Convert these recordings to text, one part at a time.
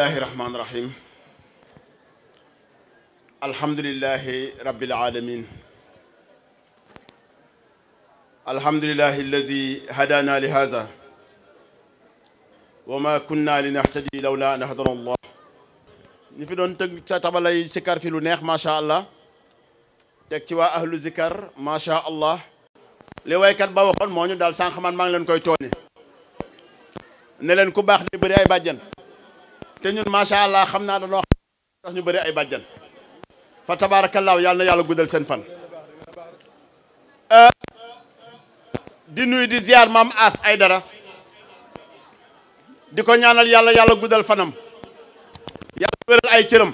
bismillahi ma kunna linahtadi lawla an hadana allah ñi fi doon tëgg ca tabalay sikkar fi lu neex macha allah teg ci waa ahlu zikar macha allah li waykat ba waxoon moo ñu daal sànq man maa ngi koy tooñe ne leen ku baax di bëri ay te ñun macha allah xam naa danoo tax ñu bari ay bàjjan fa tabaarakallaahu yàlla na yàlla guddal seen fan eh, di nuyu di ziar maam As Aydara di ko ñaanal yàlla yàlla guddal fanam yàlla wéral ay cëram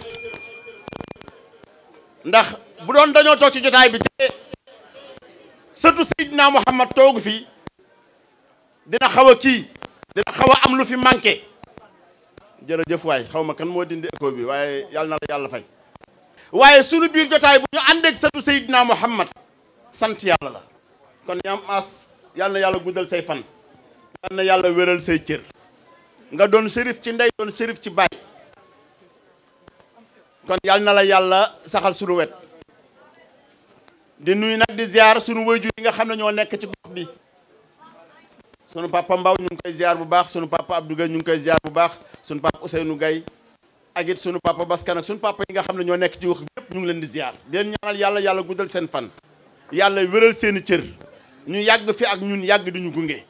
ndax bu doon dañoo toog ci jotaay bi te surtout Seydina Muhammad toogu fii dina xaw a kii dina xaw am lu fi manqué jërëjëf waay xaw ma kan moo dindi écho bi waaye yàlla na la yàlla fay waaye sunu biir jotaay bu ñu ànd ak sëtu Seydina Muhammad sant yàlla la kon yaam as yàlla na yàlla guddal say fan yàlla na yàlla wéral say cër nga doon sërif ci ndey doon sërif ci baay kon yàlla na la yàlla saxal sunu wet di nuyu nag di ziar sunu wayju yi nga xam ne ñoo nekk ci gox bi sunu papa Mbaw ñu ngi koy ziar bu baax sunu papa Abdou Gueye ñu ngi koy ziar bu baax sunu papa Ousseynou gay ak it sunu papa Baskan ak sunu papa yi nga xam ne ñoo nekk ci wax yëpp ñu ngi leen di ziar di leen ñaanal yàlla yàlla guddal seen fan yàlla wéral seen i ñu yàgg fi ak ñun yàgg di ñu gunge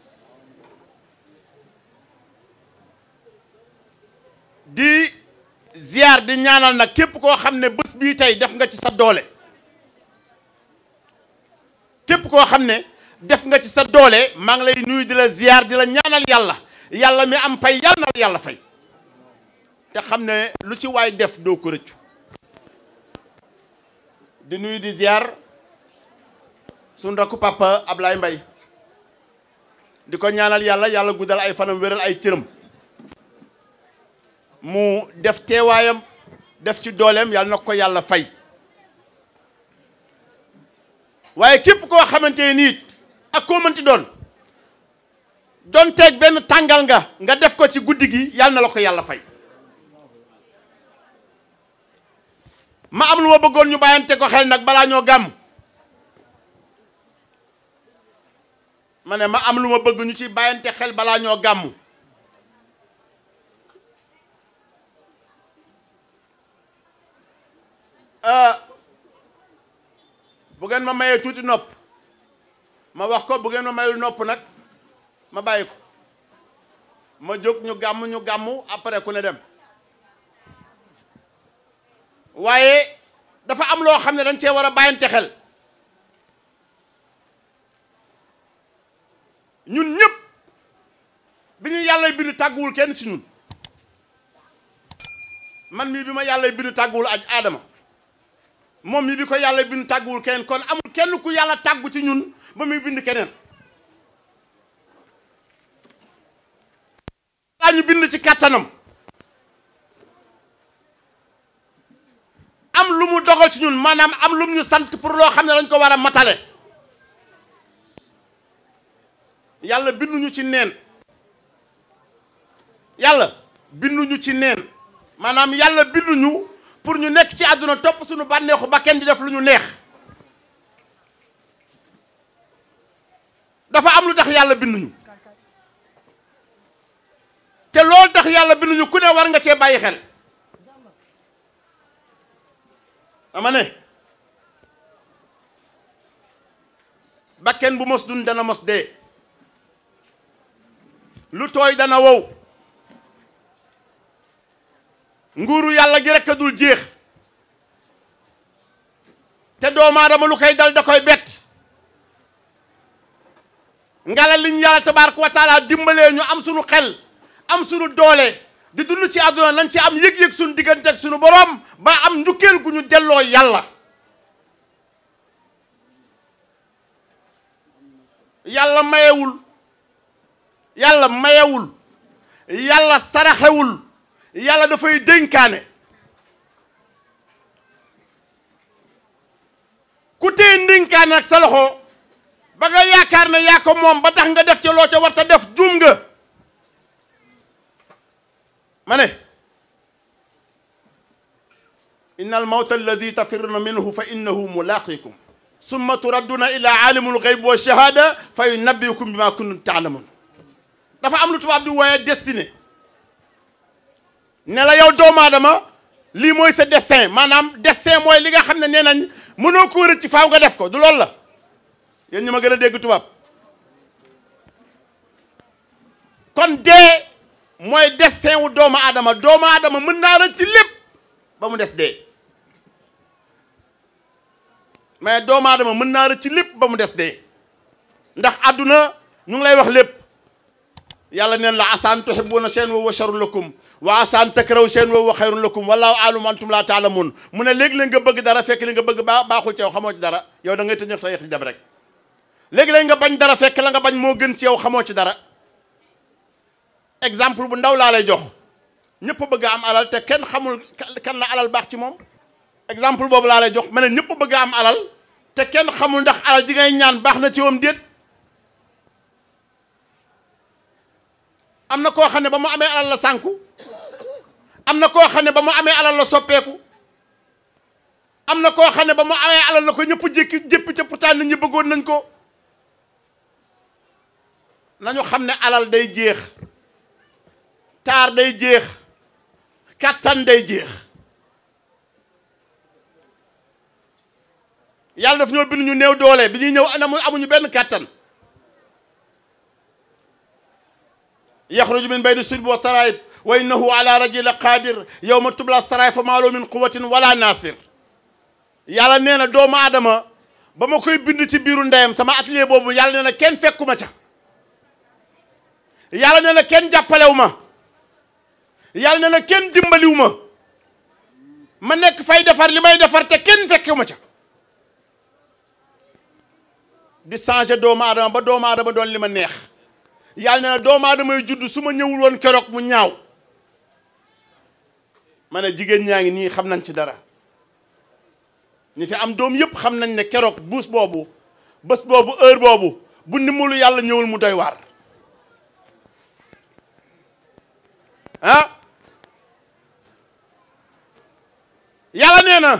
ñaanal nag képp koo xam ne bés bii tey def nga ci sa doole képp koo xam ne def nga ci sa doole maa ngi lay nuyu di la ziyaar di la ñaanal yàlla yàlla mi am pay yàlla yàlla fay te xam ne lu ci waay def doo ko rëccu di nuyu di ziyaar suñu rakku papa Ablaye Mbaye di ko ñaanal yàlla yàlla guddal ay fanam wéral ay cëram mu def teewaayam def ci dooleem yàlla na ko yàlla fay waaye képp koo xamante ni ak koo mënti doon donteeg benn tàngal nga nga def ko ci guddi gi yàlla na la ko yàlla fay ma am lu ma bëggoon ñu bàyyante ko xel nag balaa ñoo gàmm ma ne ma am lu ma bëgg ñu ci bàyyante xel balaa ñoo gàmm euh, bu ngeen ma mayee tuuti nopp ma wax ko bu ngeen ma mayul nopp nag ma bàyyi ko ma jóg ñu gàmm ñu gàmm après ku ne dem waaye dafa am loo xam ne dañ cee war a bàyyante xel ñun ñëpp bi ñu yàlla bind tàgguwul kenn ci ñun man mii bi ma yàlla bind tàgguwul ak aadama moom mii bi ko yàlla bind tàgguwul kenn kon amul kenn ku yàlla tàggu ci ñun ba muy bind keneen laa bind ci kàttanam am lu mu dogal ci ñun maanaam am lu mu ñu sant pour loo xam ne lañ ko war a matale yàlla binduñu ci neen yàlla binduñu ci neen maanaam yàlla binduñu pour ñu nekk ci àdduna topp suñu bànneexu ba kenn di def lu ñu neex dafa am lu tax yàlla binduñu te loolu tax yàlla binduñu ku ne war nga cee bàyyi xel ama ne bakken bu mos dun dana mos de lu tooy dana wow nguuru yàlla gi rekk dul jeex te doomu aadama lu koy dal da koy bett ngala liñ yàlla tabaaraka wa taala dimbalee ñu am sunu xel am suñu doole di dund ci àdduna lañ ci am yëg-yëg suñu diggante ak suñu boroom ba am njukkeel gu ñu delloo yàlla yàlla mayewul yàlla mayewul yàlla saraxewul yàlla dafay dénkaane ku téye ndénkaane ak sa loxo ba nga yaakaar ne yaa ko moom ba tax nga def ca loo ca war ta def juum nga ma ne inna almawta allazi tafirruuna minhu fa innahu mulaaqikum summa turadduuna ila aalimul gayb wa shahaada fa yunabbiukum bima kuntum taalamun dafa am lu tubaab di wooye destine ne la yow doomu maadama lii mooy sa destin maanaam destin mooy li nga xam ne nee nañ mënoo ko rëcc ci faaw nga def ko du loolu la yéen ñu ma gën a dégg tubaab kon dee mooy destin wu doomu aadama doomu aadama mën naa rëcc ci lépp ba mu des dee mais doomu aadama mën naa rëcc ci lépp ba mu des dee ndax àdduna ñu ngi lay wax lépp yàlla neen la asaan tuhibbuna shay'an wa huwa sharrun lakum wa asaan takrahu shay'an wa huwa khayrun lakum wallahu a'lamu antum laa ta'lamun mu ne léegi la nga bëgg dara fekk li nga bëgg baa baaxul ci ci dara yow da ngay tëñëx tëñëx di dem rek léegi lañ nga bañ dara fekk la nga bañ moo gën ci yow xamoo ci dara exemple bu ndaw laa lay jox ñépp bëgg am alal te kenn xamul kan la alal baax ci moom exemple boobu laa lay jox ma ne ñëpp bëgg am alal te kenn xamul ndax alal ji ngay ñaan baax na ci wam déet am na koo xam ne ba mu amee alal la sànku am na koo xam ne ba mu amee alal la soppeeku am na koo xam ne ba mu amee alal la ko ñëpp jékki jépp ca pourtant nit ñi bëggoon nañ ko nañu xam ne alal day jeex taar day jeex kàttan day jeex yàlla na ñoo bind ñu néew doole bi ñuy ñëw amuñu benn kàttan yaxruju min bayni sulbi wa taraib wa innahu ala raji la qadir yowma tubla saraay fa maalo min quwatin wala nasir yàlla nee na doomu aadama ba ma koy bind ci biiru ndeyam sama atelier boobu yàlla nee na kenn ma ca yàlla ne na kenn jàppalewu ma yàlla ne na kenn dimbaliwu ma ma nekk fay defar li may defar te kenn fekkewu ma ca di changer doomu aadama ba doomu aadama doon li ma neex yàlla ne na doomu aadama yu su ma ñëwul woon keroog mu ñaaw ma ne jigéen ñaa ngi nii xam nañ ci dara ñu fi am doom yëpp xam nañ ne keroog buus boobu bës boobu heure boobu bu ndimbalu yàlla ñëwul mu doy waar ah yàlla nee na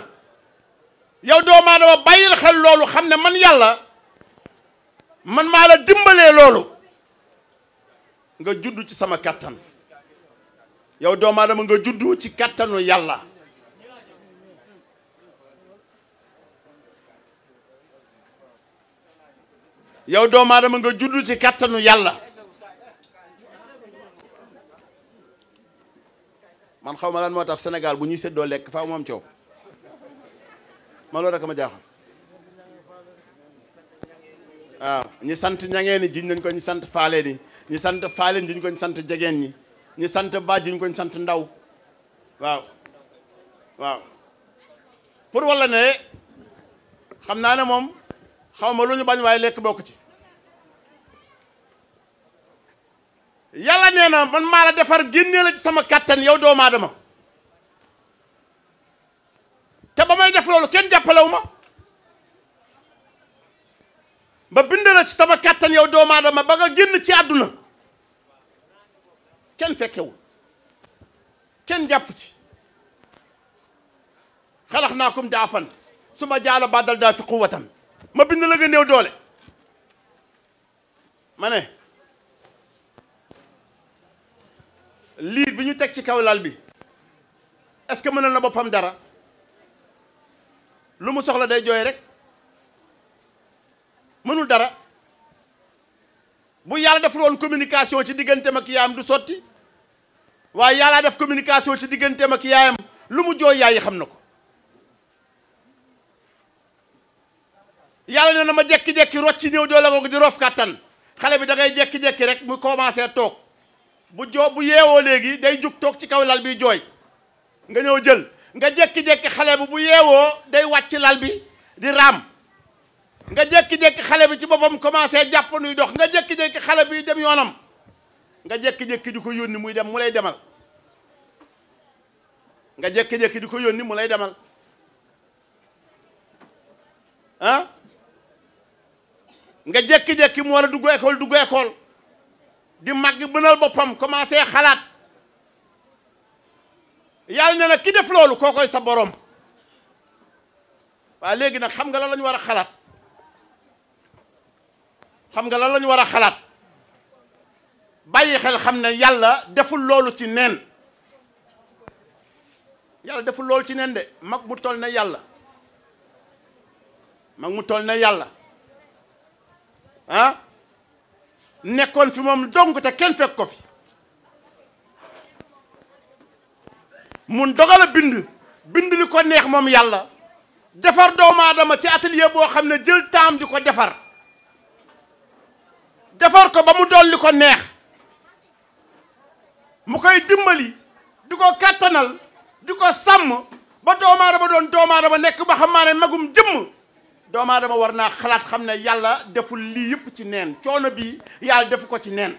yow doomu aadama bàyyil xel loolu xam ne man yàlla man maa la dimbalee loolu nga judd ci sama kàttan yow doomu aadama nga juddu ci kàttanu yàlla yow doomu aadama nga juddu ci kàttanu yàlla man xaw ma lan moo tax senegal bu ñuy séddoo lekk faaw moom coow ma loolu rek ma jaaxal waaw ñi sant ñangeen ni jiñ nañ ko ñi sant faale ni ñi sant faaleen jiñ ko ñu sant jegeen ñi ñi sant baa jiñ ko ñu sant ndaw waaw waaw pour walla ne xam naa ne moom xaw ma lu ñu bañ waaye lekk bokk ci yàlla nee na man maa la defar génnee la ci sama kàttan yow doomu aadama te ba may def loolu kenn jàppalewu ma ba bind la ci sama kàttan yow doomu aadama ba nga génn ci àdduna kenn fekkewul kenn jàpp ci xalax naa kum daafan suma ma jaalo baddal daa fi quwatan ma bind nga néew doole ma ne lii bi ñu teg ci kaw lal bi est-ce que mënal na boppam dara lu mu soxla day jooy rek mënul dara bu yàlla deful woon communication ci digganteem ak yaayam du sotti waaye yàllaa def communication ci digganteem ak yaayam lu mu jooy yaay xam na ko yàlla ne na ma jekki-jekki rocci néew doole ko di rof kàttan xale bi dangay ngay jekki-jekki rek mu commencé toog bu joo bu yeewoo léegi day jug toog ci kaw lal bi jooy nga ñëw jël nga jekki jékki xale bi bu yeewoo day wàcc lal bi di raam nga jekki jékki xale bi ci boppam commencé jàpp nuy dox nga jékki-jékki xale bi dem yoonam nga jékki-jékki di ko yónni muy dem mu lay demal nga jékki-jékki di ko yónni mu lay demal ah nga jékki-jékki mu war a dugg école dugg école di màgg bënal boppam commencé xalaat yàlla ne na ki def loolu kookoy sa boroom waaye léegi nag xam nga lan la ñu war a xalaat xam nga lan la ñu war a xalaat bàyyi xel xam ne yàlla deful loolu ci neen yàlla deful loolu ci nen de mag mu toll ne yàlla mag mu toll ne yàlla ah nekkoon fi moom dong kenn fekk ko fi mun dogal a bind bind li ko neex moom yàlla defar doomu ci atelier boo xam ne jël taam di ko defar defar ko ba mu dool ko neex mu koy dimbali di ko kattanal di ko sàmm ba doomu aadama doon doomu aadama nekk ba xam maa ne magum jëmm doomu aadama war naa xalaat xam ne yàlla deful lii yëpp ci neen coono bi yàlla defu ko ci neen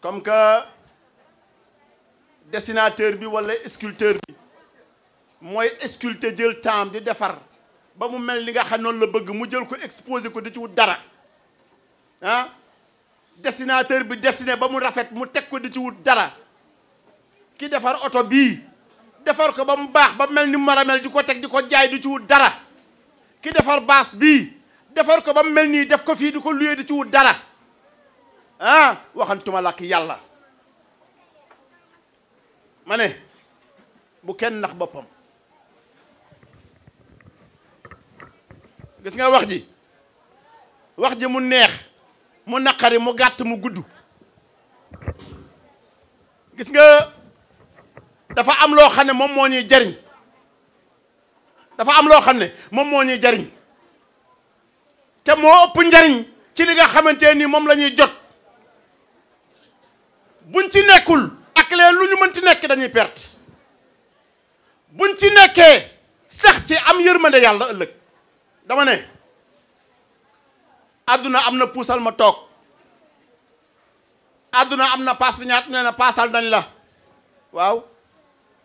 comme que dessinateur bi wala sculpteur bi mooy sculpter jël temps di defar ba mu mel li nga xam noonu la bëgg mu jël ko exposé ko di ci wut dara ah dessinateur bi dessiné ba mu rafet mu teg ko di ci wut dara ki defar oto bii defar ko ba mu baax ba mel ni mu war a mel di ko teg di ko jaay di ci wut dara ki defar baas bii defar ko ba mu mel nii def ko fii di ko luyee di ci wut dara ah waxantuma làkk yàlla ma ne bu kenn nax boppam gis nga wax ji wax ji mu neex mu naqari mu gàtt mu gudd gis nga dafa am loo xam ne moom moo ñuy jariñ dafa am loo xam ne moom moo ñuy jariñ te moo ëpp njariñ ci li nga xamante ni moom lañuy ñuy jot buñ ci nekkul ak leen lu ñu mën ci nekk dañuy perte buñ ci nekkee sax ci am yërmande yàlla ëllëg dama ne àdduna am na puusal ma toog àdduna am na paas bi ñaat nee na paasal nañ la waaw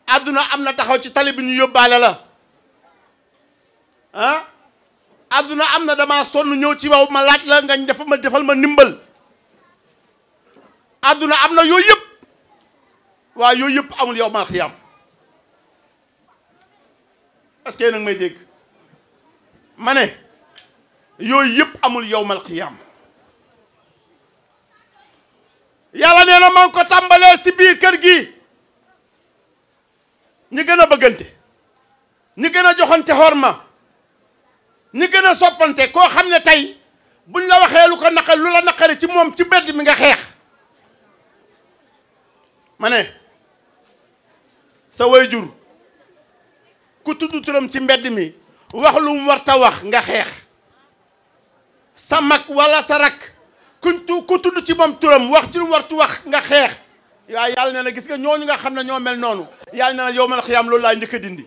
àdduna am na taxaw ci tali bi ñu yóbbaale la ah adduna am na damaa sonn ñëw ci waw ma laaj la nga def ma defal ma ndimbal adduna am na yooyu yëpp waa yooyu yëpp amul yow ma xiyam parce que yéen a may dégg ma ne yooyu yëpp amul yowmal xiyaam yàlla nee na man ko tàmbalee si biir kër gi ñu gën a bëggante ñu gën a joxante xorma ñi gën a soppante koo xam ne tey buñ la waxee lu ko naqari lu la naqari ci moom ci bedd mi nga xeex ma ne sa jur ku tudd turam ci mbedd mi wax lu mu war wax nga xeex sa mag wala sa rak kuñ tu ku tudd ci moom turam wax ci lu mu war tu wax nga xeex waaye yàlla ne na gis nga ñooñu nga xam ne ñoo mel noonu yàlla ne na yow man xiyaam loolu laay njëkk dindi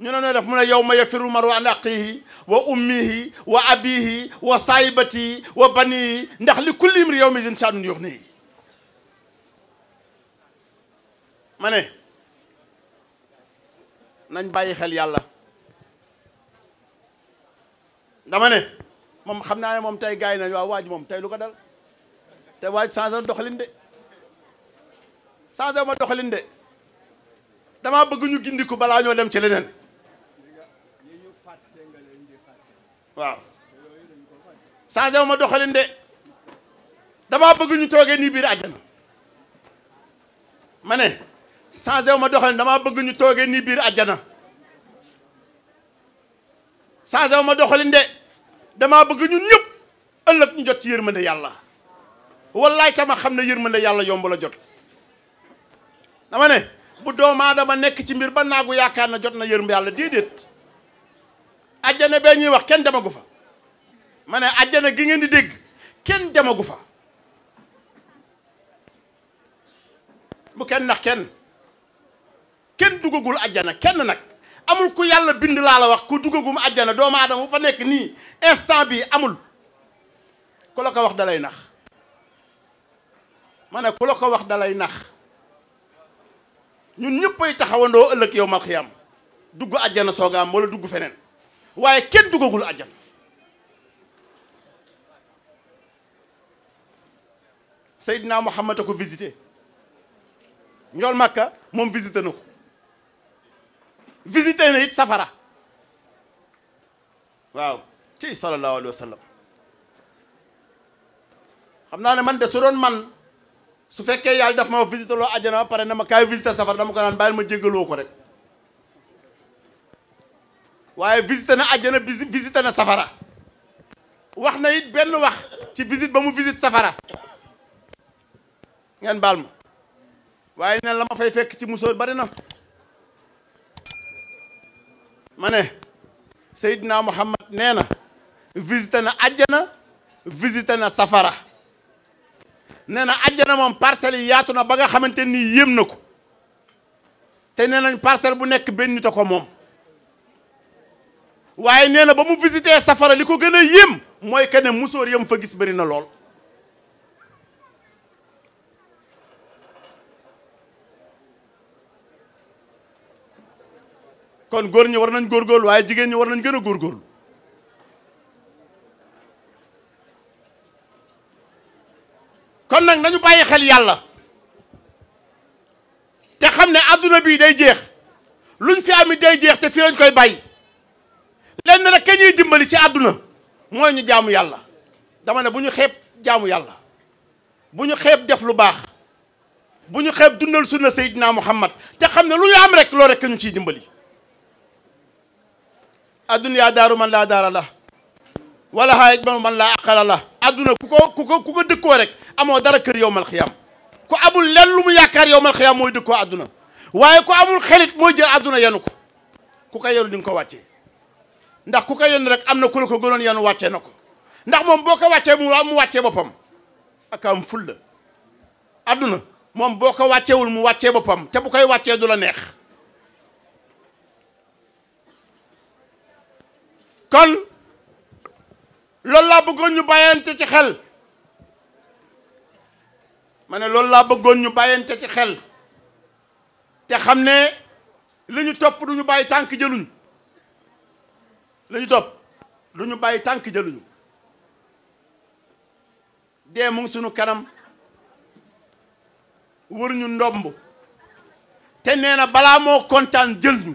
ñu ne nooy def mu ne yow ma yafiru maru an aqihi wa ummihi wa abihi wa saayibatihi wa banihi ndax li kulli imri yow mi sin sha'nun yughnihi ma ne nañ bàyyi xel yàlla dama ne moom xam naa ne moom tey gars yi nañ waaw waaj moom tey lu ko dal te waaj changé doxalin de changé ma doxalin de damaa bëgg ñu gindi ko balaa ñoo dem ci leneen waaw changé wu ma doxalin de damaa bëgg ñu toogee nii biir àjjana ma ne changé wu ma doxalin damaa bëgg ñu toogee nii biir àjjana changé ma doxalin damaa bëgg ñun ñëpp ëllëg ñu jot ci yërmande yàlla wallaay tama xam ne yërmande yàlla yomb la jot dama ne bu doomu aadama nekk ci mbir ba naagu yaakaar na jot na yërmande yàlla déedéet ajjana bee ñuy wax kenn demagu fa mane ne ajjana gi ngeen di dégg kenn demagu fa mu kenn nax kenn kenn dugagul ajjana kenn nag amul ku yàlla bind laa la wax ku dugagum ajjana doomu aadama bu fa nekk nii instant bi amul ku la ko wax dalay nax ma ne ku la ko wax dalay nax ñun ñëppay taxawandoo ëllëg yow mal dugg ajjana soogaam wala dugg feneen waaye kenn dugagul àjjana Seydina Muhammad a ko visité njool Makka moom visité na ko visité na it safara waaw ci sallallahu alayhi wa sallam xam naa ne man de su doon man su fekkee yàlla daf ma visité loo àjjana ba pare na ma kaay visité safara dama ko naan bàyyil ma jéggaloo ko rek waaye visité na àjjana visité na safara wax na it benn wax ci visite ba mu visite safara ngeen baal ma waaye ne la ma fay fekk ci musóor bari na ma ne Seydina Muhammad nee na visité na àjjana visité na safara nee na àjjana moom parcelles yi yaatu na ba nga xamante nii yéem na ko te nee nañ parcelle bu nekk benn nit a ko moom waaye nee na ba mu visité safara li ko gën a yéem mooy que ne musóor yam fa gis bëri na lool kon góor ñi war nañ góor waaye jigéen ñi war nañ gën a góorgóorlu kon nag nañu bàyyi xel yàlla te xam ne àdduna bii day jeex luñ fi amit day jeex te fii lañ koy bàyyi lenn rek ka ñuy dimbali ci àdduna mooy ñu jaamu yàlla dama ne bu ñu xeeb jaamu yàlla bu ñu xeeb def lu baax bu ñu xeeb dundal sunna Seydina Muhammad te xam ne lu ñu am rek loo rek ñu ciy dimbali yaa daaru man laa daara la wala man laa aqala la adduna ku ko ku ko dëkkoo rek amoo dara kër yow mal xiyaam ku amul lenn lu mu yaakaar yow mal xiyaam mooy dëkkoo adduna waaye ku amul xelit mooy jël adduna yenu ko ku ko yenu di nga ko wàcce ndax ku ko yenn rek am na ku la ko gënoon yenu wàccee na ko ndax moom boo ko wàccee mu mu wàccee boppam ak am ful la moom boo ko wàcceewul mu wàccee boppam te bu koy wàccee du la neex kon loolu laa bëggoon ñu bàyyante ci xel ma ne loolu laa bëggoon ñu bàyyante ci xel te xam ne li ñu topp duñu bàyyi tànk jëluñ lañu ñu lu ñu bàyyi tànk jëluñu dee mu sunu kanam wër ñu ndomb te nee na balaa moo kontaan jël ñu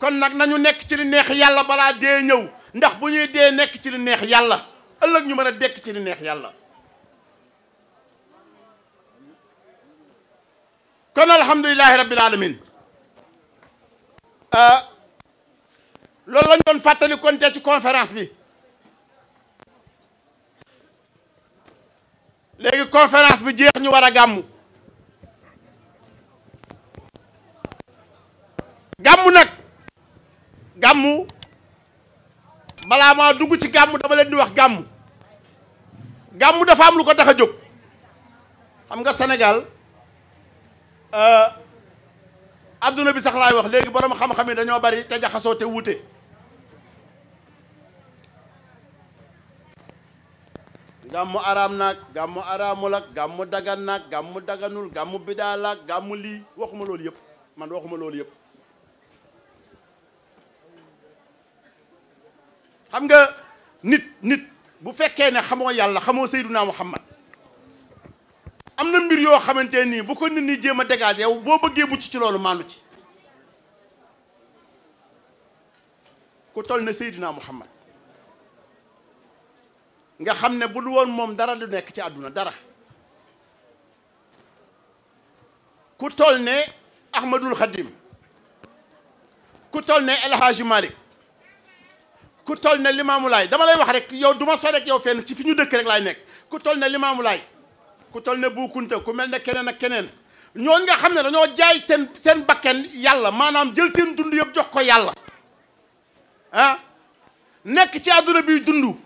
kon nag nañu nekk ci li neex yàlla balaa dee ñëw ndax bu ñuy dee nekk ci li neex yàlla ëllëg ñu mën a dekk ci li neex yàlla kon alhamdulilahi rabbil alamin ah, loolu la ñu doon fàttali konte ci conférence bi léegi conference bi jeex ñu war a gàmmu gàmmu nag gàmmu balaa dugg ci gàmmu dama leen di wax gàmmu gàmmu dafa am lu ko tax a jóg xam nga Sénégal euh, adduna bi sax laay wax léegi borom xam-xam yi dañoo bari te jaxasoo te wuute gàmmu araam naag gàmmu araamul ak gàmmu dagan naag gàmmu daganul gàmmu bidaal ak gàmmu lii waxuma loolu yépp man waxuma loolu yépp xam nga nit nit bu fekkee ne xamoo yàlla xamoo Seydunaa Muhammad am na mbir yoo xamante nii bu ko nit ñi jéem a dégagé yow boo bëggee mucc ci loolu maandu ci ku toll ne Seydunaa Muhammad nga xam ne bu dul woon moom dara du nekk ci àdduna dara ku tol ne Ahmadul Khadim ku toll ne El Hadji ku toll ne Limaamu Laay dama lay wax rek yow duma sore sori fen ci fi ñu dëkk rek laay nekk ku toll ne Limaamu Laay ku toll ne Bu Kunta ku mel ne keneen ak keneen ñooñu nga xam ne dañoo jaay seen seen bakken yàlla maanaam jël seen dund yëpp jox ko yàlla ah nekk ci àdduna bi dund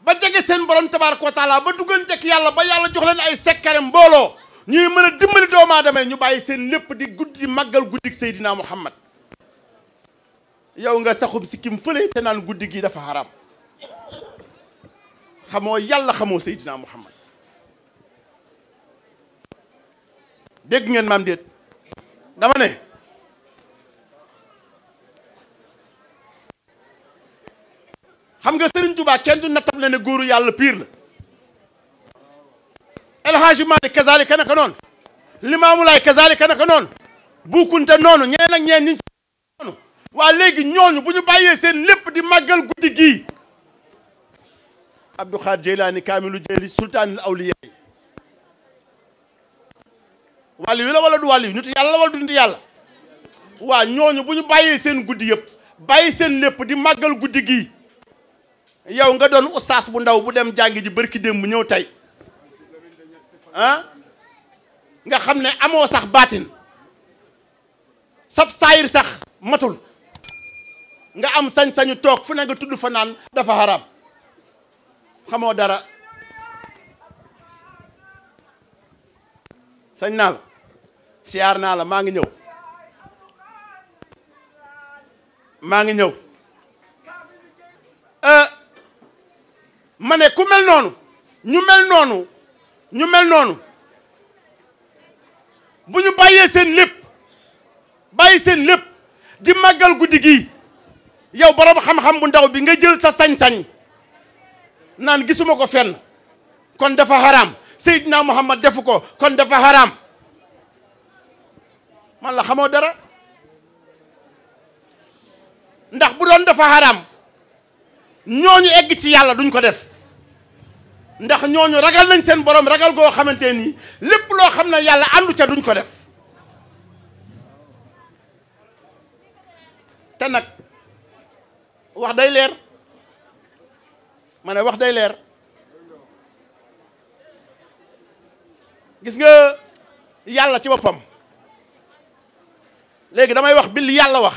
ba jege seen borom tabaaraka wa taala ba duggante ak yàlla ba yàlla jox leen ay sekkare mbooloo ñuy mën a dimbali doomu aadama ñu bàyyi seen lépp di guddi màggal guddik Seydina Muhammad yow nga saxum sikkim fële te naan guddi gi dafa haram xamoo yàlla xamoo Seydina Muhammad dégg ngeen maam déet dama ne xam nga Serigne Touba kenn du nattab la ne góoru yàlla piir la El Hadji Malick kazalika naka noonu Limaamu Laay kazalika naka noonu Bukunte noonu ñeen ak ñeen noonu waa léegi ñooñu bu ñu bàyyee seen lépp di màggal guddi gii Abdou Khadr Jeylaani kaamilu jeyli sultaanul awliya yi wàllu la wala du wàllu yu nitu yàlla la wala du nitu yàlla waa ñooñu bu ñu bàyyee seen guddi yëpp bàyyi seen lépp di màggal guddi gii yow nga doon ustaas bu ndaw bu dem jàngi ji bërki démb ñëw tey ah nga xam ne amoo sax baatin sab saayir sax matul nga am sañ-sañu toog fu ne nga tudd fa naan dafa haram xamoo dara sañ naa la siyaar naa la maa ngi ñëw maa ngi ñëw ma ne ku mel noonu ñu mel noonu ñu mel noonu bu ñu bàyyee seen lépp bàyyi seen lépp di màggal guddi gii yow borom xam-xam bu ndaw bi nga jël sa sañsañ naan gisuma ko fenn kon dafa xaraam Seydina Muhammad defu ko kon dafa xaraam man la xamoo dara ndax bu doon dafa xaraam ñooñu egg ci yàlla duñ ko def ndax ñooñu ragal nañ seen boroom ragal goo xamante nii lépp loo xam ne yàlla àndu ca duñ ko def te nag wax day leer ma ne wax day leer gis nga yàlla ci boppam léegi damay wax bill yàlla wax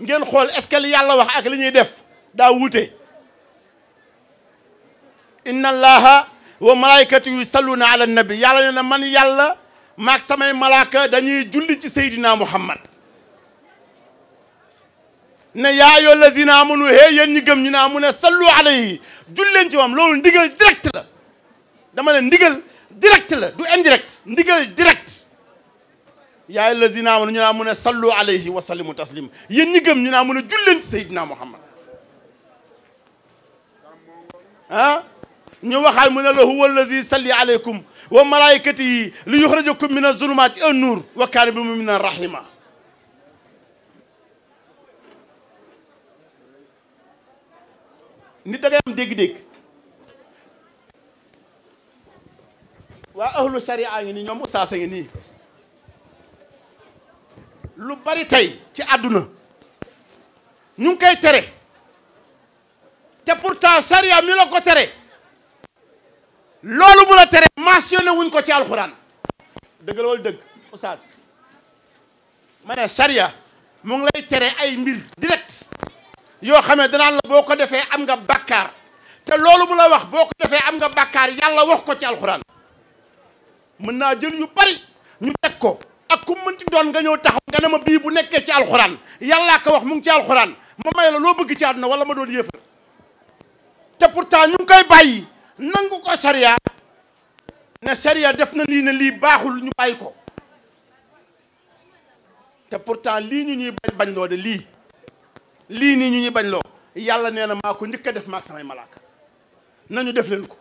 ngeen xool est yàlla wax ak li ñuy def daa wuute inna allaha wa malaykatu yu salluuna ala nabi yàlla nee na man yàlla maag samay malaaka dañuy julli ci seydina muhammad ne yaa yoo lazina amanu hee yéen ñi gëm ñu naa mu ne sallu alayhi julleen ci moom loolu ndigal direct la dama ne ndigal direct la du indirect ndigal direct yaa yoo lazina amanu ñu naa mu ne sallu alayhi wa sallimu taslim yéen ñi gëm ñu naa mu ne julleen seydina muhammad ah ñu waxaat mu ne la huwa allazi salli aleykum wa malaikatihi li yuxrajakum min azulumaati an nuur wa kaana bi muminan rahima nit da ngay am dégg-dégg waa ahlu sharia ngi nii ñoom ustaasa ngi nii lu bari tey ci àdduna ñu ngi koy tere te pourtant sharia mi la ko tere loolu bu la tere mentionné wuñ ko ci alxuraan dëgg la dëgg oustaz ma ne sariya mu ngi lay tere ay mbir direct yoo xam ne danaan la boo ko defee am nga bàkkaar te loolu mu la wax boo ko defee am nga bàkkaar yàlla wax ko ci alxuraan mën naa jël yu bari ñu teg ko ak ku mënti doon nga ñëw tax nga ne ma bii bu nekkee ci alxuraan yàllaa ko wax mu ngi ci alxuraan ma may la loo bëgg ci na wala ma doon yéefar te pourtant ñu ngi koy bàyyi nangu ko sariya ne sariya def na lii ne lii baaxul ñu bàyyi ko te pourtant lii ñu ñuy bañ loo de lii lii nii ñu ñuy bañ loo yàlla nee na maa ko njëkk a def maak samay malaaka nañu def leen ko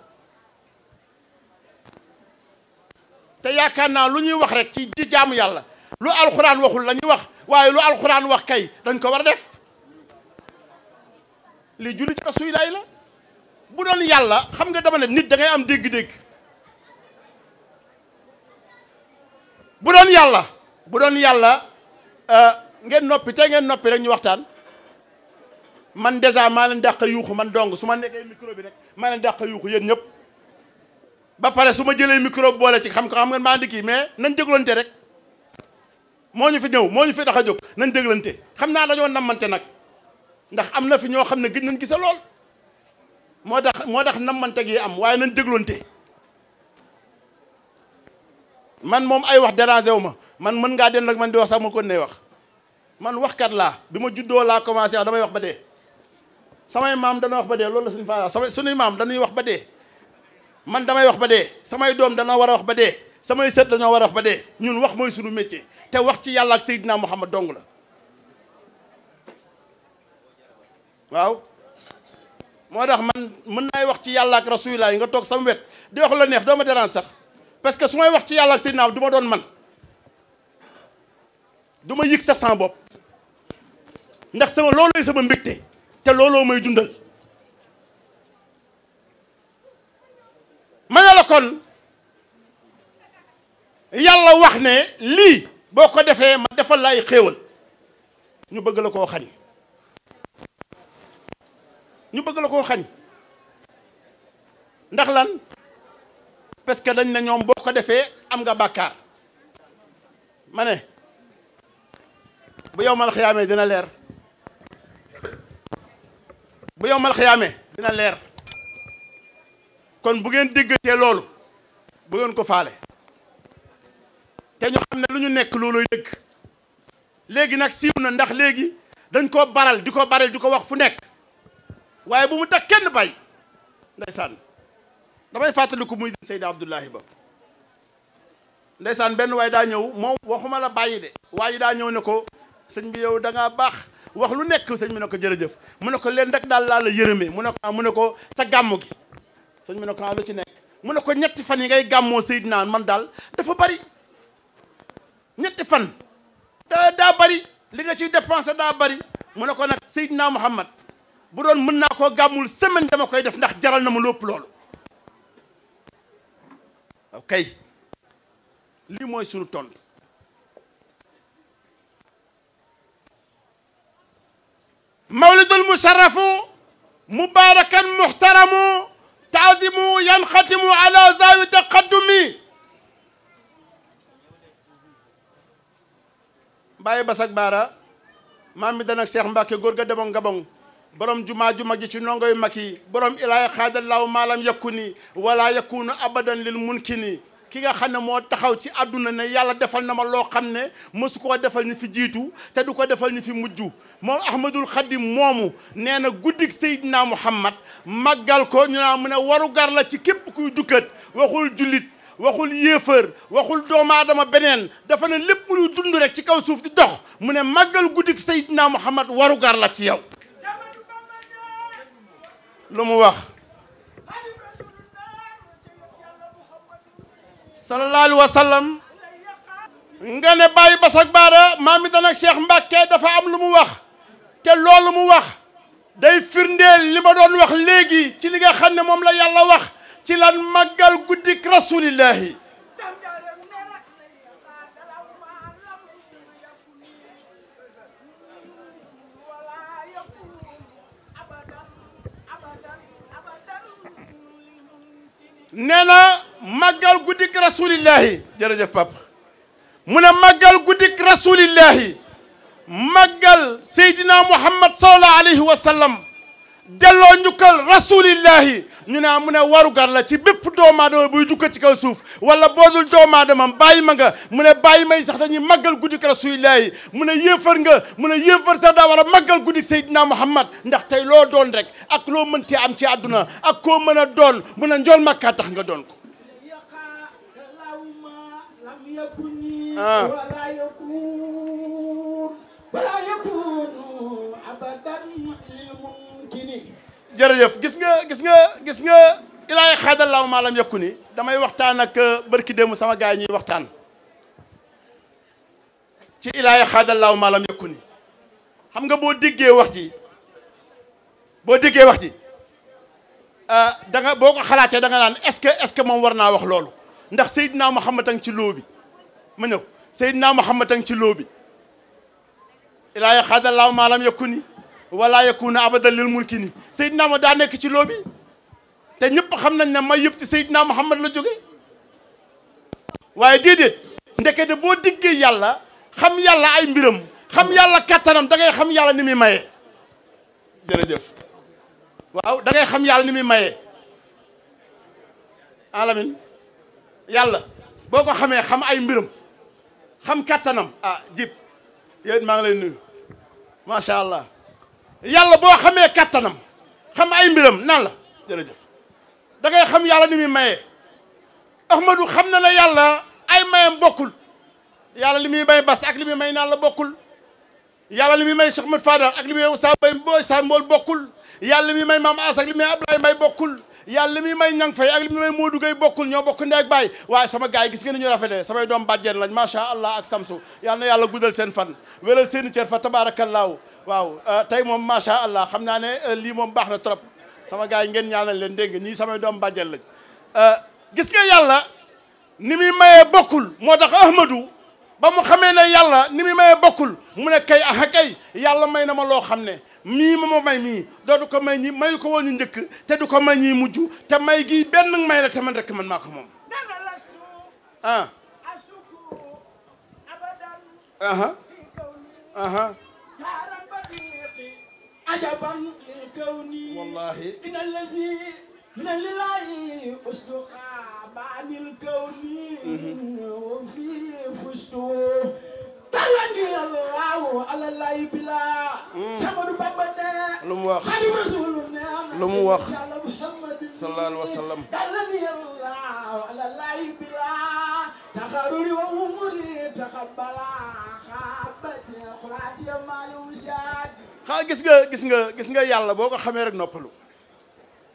te yaakaar naa lu ñuy wax rek ci ci jaamu yàlla lu alxuraan waxul la ñuy wax waaye lu alxuraan wax kay dañ ko war a def li julli ci rasulilaay la bu doon yàlla xam nga dama ne nit da ngay am dégg-dégg bu doon yàlla bu doon yàlla euh, ngeen noppi tey ngeen noppi rek ñu waxtaan man dèjà maa leen dàq yuuxu man dong su ma nekkee micro bi rek maa leen dàq yuuxu yéen ñëpp ba pare su ma jëlee micro boole ci xam ko xam nga maa di kii mais nañ déglante rek moo ñu fi ñëw moo ñu fi tax a jóg nañ déglante xam naa dañoo nammante nag ndax am na fi ñoo xam ne gëj nañ gisa lool moo tax moo tax nam man nammante gi am waaye nañ dégloonte man moom ay wax déranger wu ma man mën ngaa den nag man di wax sax ma kon ne wax man waxkat laa bi ma juddoo laa commencé damay wax ba dee samay maam dana wax ba dee loolu la suñu faa samay suñuy maam dañuy wax ba dee man damay wax ba dee samay doom dana war a wax ba dee samay set dañoo war a wax ba dee ñun wax mooy sunu métier te wax ci yàlla ak xam Muhammad dong la waaw moo tax man mën naay wax ci yàlla ak rasulillah yi nga toog sama wet di wax la neex doo ma dérange sax parce que su may wax ci yàlla ak Seydina du ma doon man du ma yëg sax sama bopp ndax sama loolooy sama mbégte te looloo may dundal ma la kon yàlla wax ne lii boo ko defee ma defal lay xéewal ñu bëgg la koo xañ ñu bëgg la koo xañ ndax lan parce que dañ ne ñoom boo ko defee am nga bàkkaar ma ne bu yow mal xiyaamee dina leer bu yow mal xiyaamee dina leer kon bu ngeen déggatee loolu bu ko faale te ñu xam ne lu ñu nekk looluy dëgg léegi nag siiw na ndax léegi dañ ko baral di ko baral di ko wax fu nekk waaye bu mu tax kenn bay ndeysaan damay fàttaliku muy Seyda Abdullahi ba ndeysaan benn waaye daa ñëw moom waxuma la bàyyi de waaye daa ñëw ne ko sëñ bi yow da baax wax lu nekk sëñ bi ne ko jërëjëf mu ne ko leen rek daal laa la yërëmee mu ne ko mu ne ko sa gàmmu gi sëñ bi ne ko ah, lu ci nekk mu ne ko ñetti fan yi ngay gàmmoo naan man daal dafa bari ñetti fan daa daa bari li nga ciy dépensé daa bari mu ne ko nag Seydina Muhammad bu doon mën naa koo gàmmul semaine dama koy def ndax jaral na ma lépp loolu ok lii mooy sunu tontu mawlidul musharrafu mubarakan muhtaramu taazimu yanxatimu ala zawi taqaddumi bàyyi basak baara maam mi danak Cheikh Mbacke góor ga demong gabong borom jumaa ju mag ji ci ndongo yu mag yi borom ilaay xaadallaahu maalam yakku ni wala yakunu abadan lil munkini ki nga xam ne moo taxaw ci àdduna ne yàlla defal na ma loo xam ne mësu koo defal ñu fi jiitu te du ko defal ñu fi mujj moom ahmadul xaddi moomu nee na guddik seydina muhammad màggal ko ñu naa mu ne waru gar la ci képp kuy dukkat waxul julit waxul yéefër waxul doomu aadama beneen defal ne lépp luy dund rek ci kaw suuf di dox mu ne màggal guddik seydina muhammad waru gar la ci yow lu mu wax sallallahu alayhi wa ne bàyyi basak baara maam itam ak Cheikh dafa am lu mu wax te loolu mu wax day firndeel li ma doon wax léegi ci li nga xam ne moom la yàlla wax ci lan màggal guddik rasulillahi nee na màggal guddik rasulillahi jërëjëf papa mu ne màggal guddik rasulillahi màggal seydina muhammad sallallahu alayhi wa delloo njukkal rasulillahi ñu ne mu ne warugar la ci bépp doomu aadama buy dukka ci kaw suuf wala boodul doomu aadama bàyyi ma nga mu ne bàyyi may sax dañuy màggal guddik rasulillahi mu ne yéefar nga mu ne yéefar sax daa war a màggal guddik Seydina Muhammad ndax tey loo doon rek ak loo mënti am ci àdduna ak koo mën a doon mu ne njool makkaa tax nga doon ko ah. jërëjëf gis nga gis nga gis nga ilaay xaadallaahu maalam yokku ni damay waxtaan ak euh, bërki démb sama gaay ñi waxtaan ci ilaay xaadallaahu malam yokku ni xam nga boo déggee wax ji boo déggee wax ji euh, da nga boo ko xalaatee da nga naan est-ce que est que moom war naa wax loolu ndax Seydina Muhammad tang ci loo bi ma ñëw Seydina Muhammad tang ci loo bi ilaay xaadallaahu maalam yokku ni wala yakuna abadan lil mulki ni Seydina ma daa nekk ci loo bi te ñëpp xam nañ ne ma yëpp ci Seydina Muhammad la jóge waaye déedéet ndekete boo diggee yàlla xam yàlla ay mbiram xam yàlla kattanam dagay xam yàlla ni muy mayee jërëjëf waaw da xam yàlla ni muy maye alamin yàlla boo ko xamee xam ay mbiram xam kattanam ah jib yow it maa ngi lay nuyu macha allah yàlla boo xamee kàttanam xam ay mbiram nan la jërëjëf da ngay xam yàlla ni muy mayee Ahmadou xam na la yàlla ay mayam bokkul yàlla li muy may bas ak li muy may naan la bokkul yàlla li muy may Cheikh Ahmed Fadal ak li muy may Samba Boy Samba Mbool bokkul yàlla li muy may Mame Ass ak li muy may Ñang Fay ak li muy may Modou Gueye bokkul ñoo bokk ndey ak baay waaye sama gars yi gis ngeen ñu rafetee samay doom bàjjeen lañ macha allah ak samsu yal na yàlla guddal seen fan wéral seen i cër fa tabaarakallaahu waaw euh, tey moom macha allah xam naa ne euh, lii moom baax na trop sama gars yi ngeen ñaanal leen dégg nga ñii samay doom bàjjal lañ euh, gis nga yàlla ni muy mayee bokkul moo tax Ahmadou ba mu xamee ne yàlla ni muy mayee bokkul mu ne kay ah kay yàlla may na ma loo xam ne mii ma may mii doo du ko may ñi mayu ko woon ñu njëkk te du ko may ñi mujj te may gii benn may la te man rek man maa ko moom عجبا للكون والله إن الذي من الله أصدق عن الكون وفي فستو بلني الله على الله بلا سمر بابنا لم وخ خالي رسولنا لم وخ صلى الله عليه وسلم بلني الله على الله بلا تخرج وأمري تقبل خابت قرات يا مال وشاد xaa gis nga gis nga gis nga yàlla boo ko xamee rek noppalu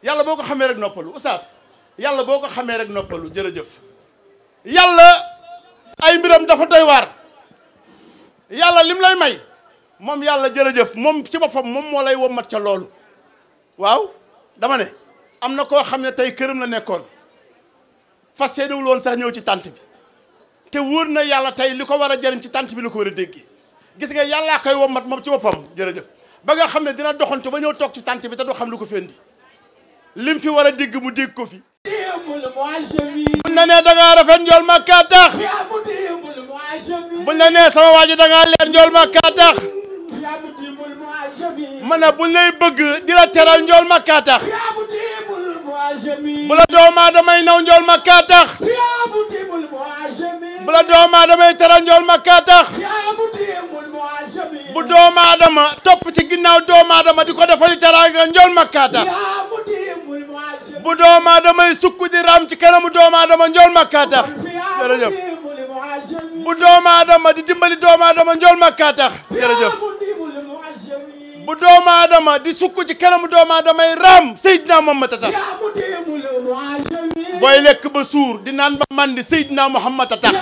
yàlla boo ko xamee rek noppalu oustaz yàlla boo ko xamee rek noppalu jërëjëf yàlla ay mbiram dafa doy waar yàlla lim lay may moom yàlla jërëjëf moom ci boppam moom moo lay mat ca loolu waaw dama ne am na koo xam ne tey këram la nekkoon fas yéenewul woon sax ñëw ci tànt bi te wóor na yàlla tey li ko war a jëriñ ci tànt bi li ko war a dégg gis nga yàllaa koy mat moom ci boppam jërëjëf ba nga xam ne dina doxantu ba ñëw toog ci tànt bi te du xam lu ko fendi lim fi war a dégg mu dégg ko fi buñ la rafet njool makkaa tax buñ la nee sama waaji dangaa leer ne buñ lay bëgg di bu doomu aadama topp ci ginnaaw doomu aadama di ko defal teraanga njol makkaata bu doomu aadama yi sukk di raam ci kanamu doomu aadama njol makkaatax jërëjëf bu doomu aadama di dimbali doomu ci kanamu doomu aadama yi raam Seydina Muhammad tax waaye lekk ba suur di naan ba màndi Seydina Muhammad a tax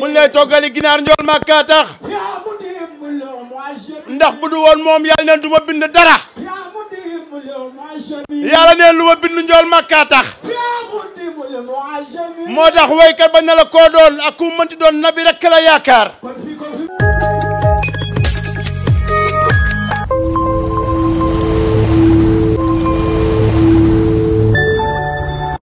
buñ lay toggali ginaar njool màkka a ndax bu du woon moom yàlla neen du ma bind dara yàlla neen lu ma bind njool màkka a tax moo tax waykat ba ne la koo doon ak ku mënti doon nabi rekk la yaakaar